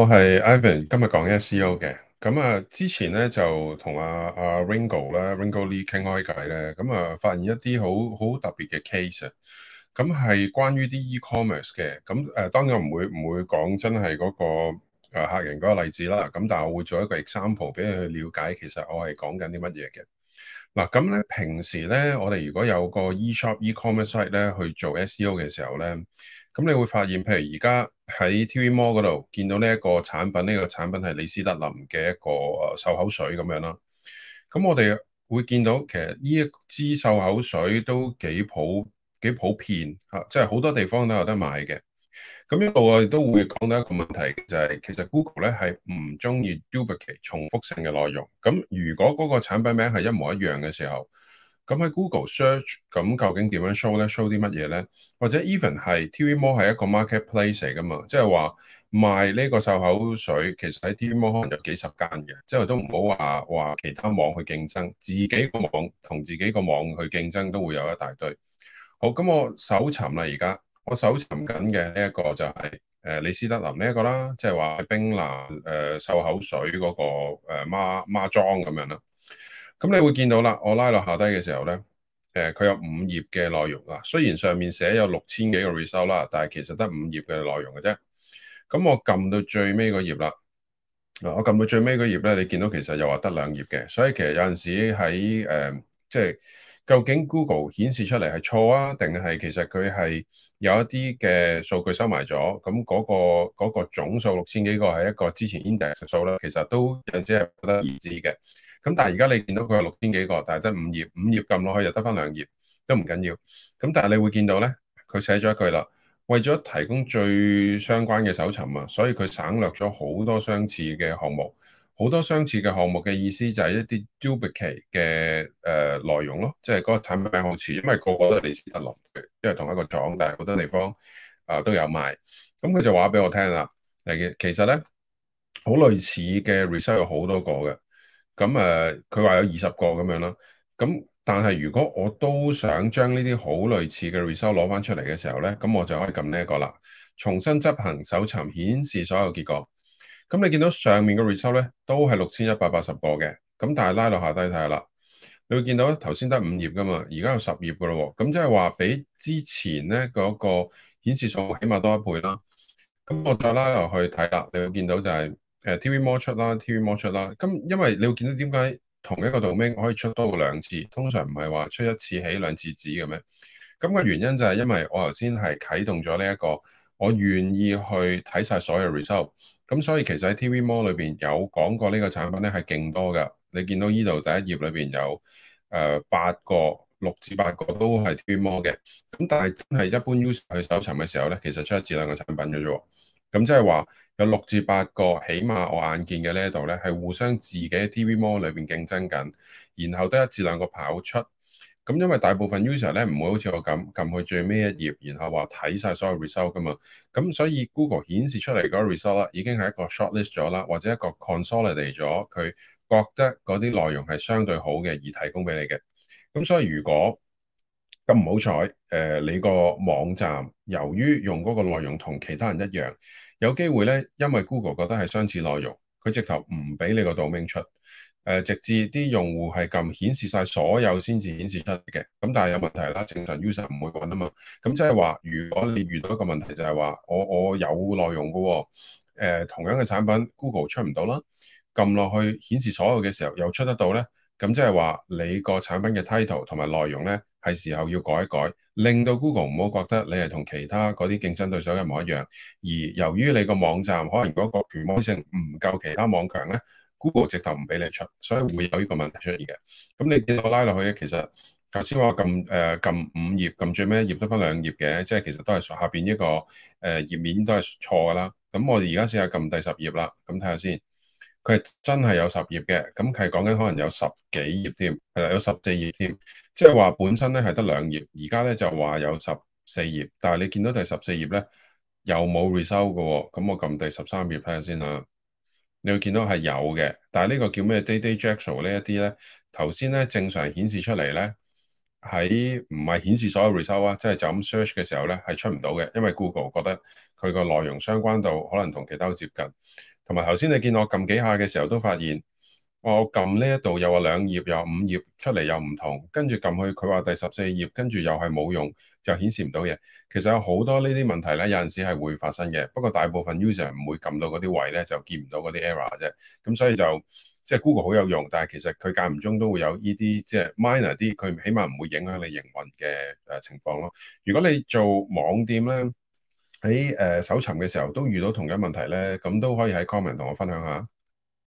我係 Ivan，今日講 SEO 嘅。咁啊，之前咧就同阿阿 Ringo 啦 Ringo Lee 傾開偈咧。咁啊，發現一啲好好特別嘅 case 啊。咁係關於啲 e-commerce 嘅。咁誒當然唔會唔會講真係嗰個誒客人嗰個例子啦。咁但係我會做一個 example 俾你去了解，其實我係講緊啲乜嘢嘅。嗱，咁咧平時咧，我哋如果有個 e-shop、e-commerce site 咧去做 SEO 嘅時候咧，咁你會發現，譬如而家，喺 TV Mall 嗰度見到呢一個產品，呢、呢個產品係李斯特林嘅一個漱口水咁樣啦。咁我哋會見到其實呢一支漱口水都幾普幾普遍嚇、啊，即係好多地方都有得買嘅。咁一度我哋都會講到一個問題，就係、係、其實 Google 咧係唔中意 duplicate 重複性嘅內容。咁如果嗰個產品名係一模一樣嘅時候，咁喺 Google search 咁究竟點樣 show 咧？show 啲乜嘢咧？或者 even 係 TV Mall 係一個 marketplace 嚟噶嘛？即係話賣呢個漱口水，其實喺 TV Mall 可能有幾十間嘅，即係都唔好話話其他網去競爭，自己個網同自己個網去競爭都會有一大堆。好，咁我搜尋啦而家，我搜尋緊嘅呢一個就係誒李斯德林呢一個啦，即係話冰藍誒漱口水嗰個誒孖孖裝咁樣啦。咁你會見到啦，我拉落下低嘅時候咧，誒、呃、佢有五頁嘅內容啦。雖然上面寫有六千幾個 result 啦，但係其實得五頁嘅內容嘅啫。咁我撳到最尾嗰頁啦，我撳到最尾嗰頁咧，你見到其實又話得兩頁嘅。所以其實有陣時喺誒、呃，即係。究竟 Google 顯示出嚟係錯啊，定係其實佢係有一啲嘅數據收埋咗？咁嗰個嗰個總數六千幾個係一個之前 index 數啦，其實都有陣時係不得而知嘅。咁但係而家你見到佢係六千幾個，但係得五頁，五頁撳落去又得返兩頁，都唔緊要。咁但係你會見到咧，佢寫咗一句啦，為咗提供最相關嘅搜尋啊，所以佢省略咗好多相似嘅項目。好多相似嘅項目嘅意思就係一啲 duplicate 嘅誒內容咯，即係嗰個產品名好似，因為個個都係李斯特林，因為同一個廠，但係好多地方啊、呃、都有賣。咁、嗯、佢就話俾我聽啦，其實咧好類似嘅 research 有好多個嘅，咁誒佢話有二十個咁樣咯。咁、嗯、但係如果我都想將呢啲好類似嘅 research 攞翻出嚟嘅時候咧，咁、嗯、我就可以撳呢一個啦，重新執行搜尋，顯示所有結果。咁你見到上面呢個 result 咧都係六千一百八十個嘅，咁但係拉落下低睇下啦，你會見到頭先得五頁噶嘛，而家有十頁噶咯喎，咁即係話比之前咧嗰個顯示數起碼多一倍啦。咁我再拉落去睇啦，你會見到就係誒 TV more 出啦，TV more 出啦。咁因為你會見到點解同一個 domain 可以出多過兩次？通常唔係話出一次起兩次止嘅咩？咁個原因就係因為我頭先係啟動咗呢一個。我願意去睇晒所有 result，咁所以其實喺 TV Mall 裏邊有講過呢個產品咧係勁多噶。你見到呢度第一頁裏邊有誒、呃、八個六至八個都係 TV Mall 嘅，咁但係真係一般 user 去搜尋嘅時候咧，其實出一至兩個產品嘅啫。咁即係話有六至八個，起碼我眼見嘅呢一度咧係互相自己喺 TV Mall 裏邊競爭緊，然後得一至兩個跑出。咁因為大部分 user 咧唔會好似我咁撳去最尾一頁，然後話睇晒所有 result 噶嘛，咁所以 Google 顯示出嚟嗰個 result 啦，已經係一個 shortlist 咗啦，或者一個 consolidate 咗，佢覺得嗰啲內容係相對好嘅而提供俾你嘅。咁所以如果咁唔好彩，誒、呃、你個網站由於用嗰個內容同其他人一樣，有機會咧，因為 Google 覺得係相似內容，佢直頭唔俾你個 domain 出。誒，直至啲用戶係撳顯示晒所有先至顯示出嘅，咁但係有問題啦，正常 user 唔會搵啊嘛。咁即係話，如果你遇到一個問題就係話，我我有內容噶、哦、誒、呃，同樣嘅產品 Google 出唔到啦，撳落去顯示所有嘅時候又出得到咧，咁即係話你個產品嘅 title 同埋內容咧係時候要改一改，令到 Google 唔好覺得你係同其他嗰啲競爭對手一模一樣，而由於你個網站可能嗰個權威性唔夠其他網強咧。Google 直頭唔俾你出，所以會有呢個問題出現嘅。咁你見到我拉落去咧，其實頭先話撳誒撳五頁，撳最屘頁得翻兩頁嘅，即係其實都係下邊呢、呢個誒頁、呃、面都係錯噶啦。咁我哋而家試下撳第十頁啦，咁睇下先。佢係真係有十頁嘅，咁佢係講緊可能有十幾頁添，係啦有十四頁添，即係話本身咧係得兩頁，而家咧就話有十四頁，但係你見到第十四頁咧又冇 result 收嘅。咁我撳第十三頁睇下先啦。你會見到係有嘅，但係呢個叫咩？Day Day Jaxo 呢一啲咧，頭先咧正常顯示出嚟咧，喺唔係顯示所有 result 啊，即係就咁 search 嘅時候咧係出唔到嘅，因為 Google 覺得佢個內容相關度可能同其他都接近，同埋頭先你見我撳幾下嘅時候都發現。我撳呢一度又話兩頁又五頁出嚟又唔同，跟住撳去佢話第十四頁，跟住又係冇用，就顯示唔到嘢。其實有好多呢啲問題咧，有陣時係會發生嘅。不過大部分 user 唔會撳到嗰啲位咧，就見唔到嗰啲 error 啫。咁所以就即係 Google 好有用，但係其實佢間唔中都會有呢啲即係 minor 啲，佢起碼唔會影響你營運嘅誒情況咯。如果你做網店咧，喺誒、呃、搜尋嘅時候都遇到同樣問題咧，咁都可以喺 comment 同我分享下。